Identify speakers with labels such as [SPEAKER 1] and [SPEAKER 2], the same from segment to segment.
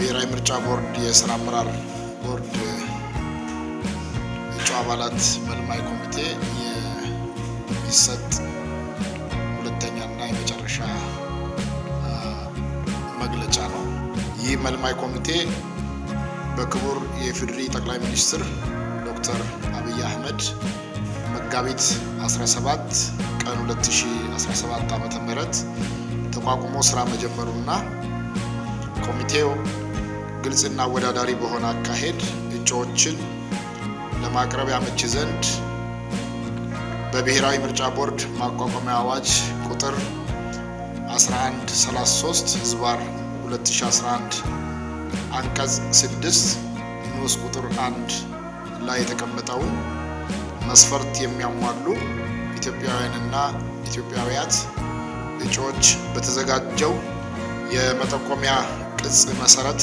[SPEAKER 1] ብሔራዊ ምርጫ ቦርድ የስራ አመራር ቦርድ እጩ አባላት መልማይ ኮሚቴ የሚሰጥ ሁለተኛና የመጨረሻ መግለጫ ነው። ይህ መልማይ ኮሚቴ በክቡር የኢፌዴሪ ጠቅላይ ሚኒስትር ዶክተር አብይ አህመድ መጋቢት 17 ቀን 2017 ም ተቋቁሞ ስራ መጀመሩና ኮሚቴው ግልጽና አወዳዳሪ በሆነ አካሄድ እጩዎችን ለማቅረብ ያመች ዘንድ በብሔራዊ ምርጫ ቦርድ ማቋቋሚያ አዋጅ ቁጥር 1133 ህዝባር 2011 አንቀጽ 6 ንዑስ ቁጥር 1 ላይ የተቀመጠውን መስፈርት የሚያሟሉ ኢትዮጵያውያንና ኢትዮጵያውያት እጩዎች በተዘጋጀው የመጠቆሚያ ቅጽ መሰረት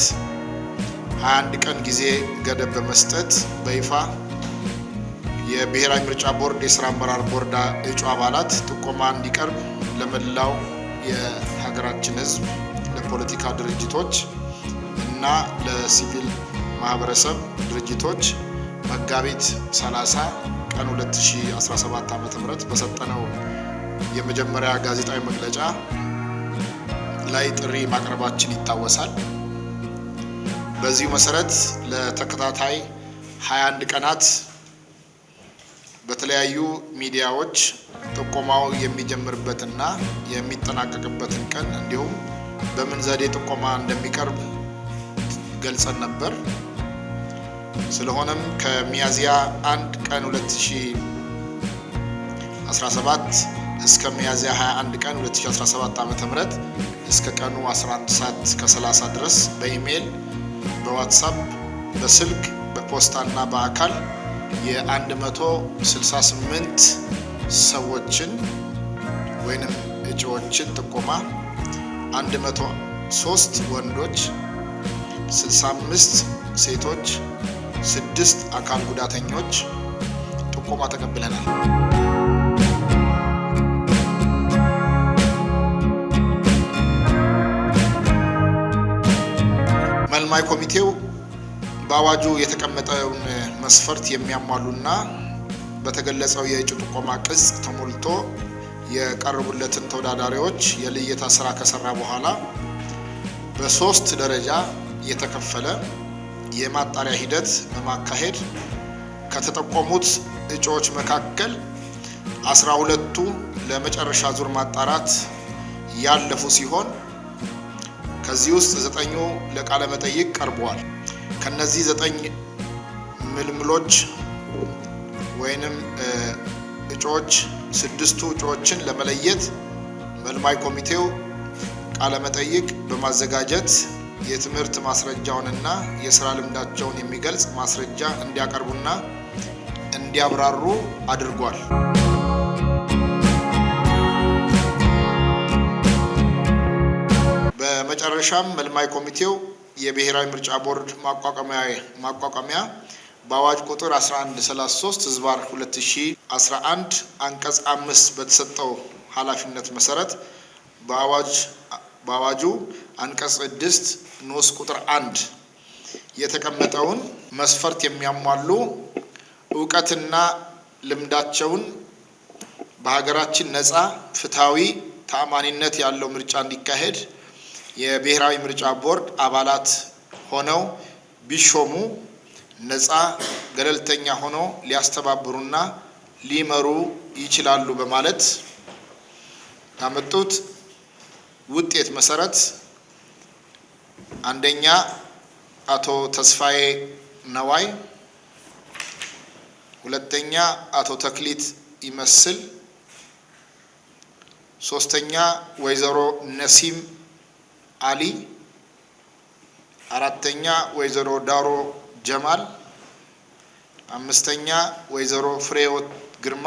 [SPEAKER 1] አንድ ቀን ጊዜ ገደብ በመስጠት በይፋ የብሔራዊ ምርጫ ቦርድ የስራ አመራር ቦርድ እጩ አባላት ጥቆማ እንዲቀርብ ለመላው የሀገራችን ሕዝብ ለፖለቲካ ድርጅቶች እና ለሲቪል ማህበረሰብ ድርጅቶች መጋቢት 30 ቀን 2017 ዓ ም በሰጠነው የመጀመሪያ ጋዜጣዊ መግለጫ ላይ ጥሪ ማቅረባችን ይታወሳል። በዚሁ መሰረት ለተከታታይ 21 ቀናት በተለያዩ ሚዲያዎች ጥቆማው የሚጀምርበትና የሚጠናቀቅበትን ቀን እንዲሁም በምን ዘዴ ጥቆማ እንደሚቀርብ ገልጸን ነበር። ስለሆነም ከሚያዝያ 1 ቀን 2017 እስከ ሚያዝያ 21 ቀን 2017 ዓ.ም እስከ ቀኑ 11 ሰዓት ከ30 ድረስ በኢሜይል በዋትሳፕ በስልክ በፖስታና በአካል የ168 ሰዎችን ወይንም እጩዎችን ጥቆማ 103 ወንዶች፣ 65 ሴቶች፣ ስድስት አካል ጉዳተኞች ጥቆማ ተቀብለናል። ማይ ኮሚቴው በአዋጁ የተቀመጠውን መስፈርት የሚያሟሉና በተገለጸው የእጩ ጥቆማ ቅጽ ተሞልቶ የቀረቡለትን ተወዳዳሪዎች የልየታ ስራ ከሰራ በኋላ በሶስት ደረጃ የተከፈለ የማጣሪያ ሂደት በማካሄድ ከተጠቆሙት እጩዎች መካከል አስራ ሁለቱ ለመጨረሻ ዙር ማጣራት ያለፉ ሲሆን ከዚህ ውስጥ ዘጠኙ ለቃለ መጠይቅ ቀርበዋል። ከነዚህ ዘጠኝ ምልምሎች ወይንም እጩዎች ስድስቱ እጩዎችን ለመለየት መልማይ ኮሚቴው ቃለ መጠይቅ በማዘጋጀት የትምህርት ማስረጃውንና የስራ ልምዳቸውን የሚገልጽ ማስረጃ እንዲያቀርቡና እንዲያብራሩ አድርጓል። በመጨረሻም መልማይ ኮሚቴው የብሔራዊ ምርጫ ቦርድ ማቋቋሚያ በአዋጅ ቁጥር 1133 ህዝባር 2011 አንቀጽ አምስት በተሰጠው ኃላፊነት መሰረት በአዋጅ በአዋጁ አንቀጽ ስድስት ንዑስ ቁጥር አንድ የተቀመጠውን መስፈርት የሚያሟሉ እውቀትና ልምዳቸውን በሀገራችን ነፃ፣ ፍትሐዊ፣ ተአማኒነት ያለው ምርጫ እንዲካሄድ የብሔራዊ ምርጫ ቦርድ አባላት ሆነው ቢሾሙ ነፃ ገለልተኛ ሆኖ ሊያስተባብሩና ሊመሩ ይችላሉ በማለት ካመጡት ውጤት መሰረት አንደኛ አቶ ተስፋዬ ነዋይ፣ ሁለተኛ አቶ ተክሊት ይመስል፣ ሶስተኛ ወይዘሮ ነሲም አሊ፣ አራተኛ ወይዘሮ ዳሮ ጀማል፣ አምስተኛ ወይዘሮ ፍሬህይወት ግርማ፣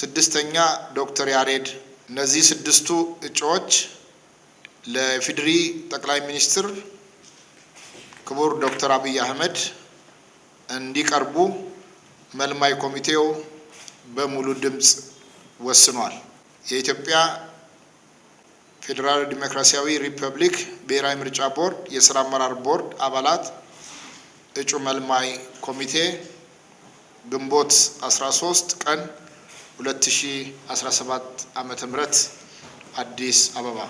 [SPEAKER 1] ስድስተኛ ዶክተር ያሬድ። እነዚህ ስድስቱ እጩዎች ለፊድሪ ጠቅላይ ሚኒስትር ክቡር ዶክተር አብይ አህመድ እንዲቀርቡ መልማይ ኮሚቴው በሙሉ ድምፅ ወስኗል። የኢትዮጵያ ፌዴራል ዲሞክራሲያዊ ሪፐብሊክ ብሔራዊ ምርጫ ቦርድ የስራ አመራር ቦርድ አባላት እጩ መልማይ ኮሚቴ ግንቦት 13 ቀን 2017 ዓ.ም አዲስ አበባ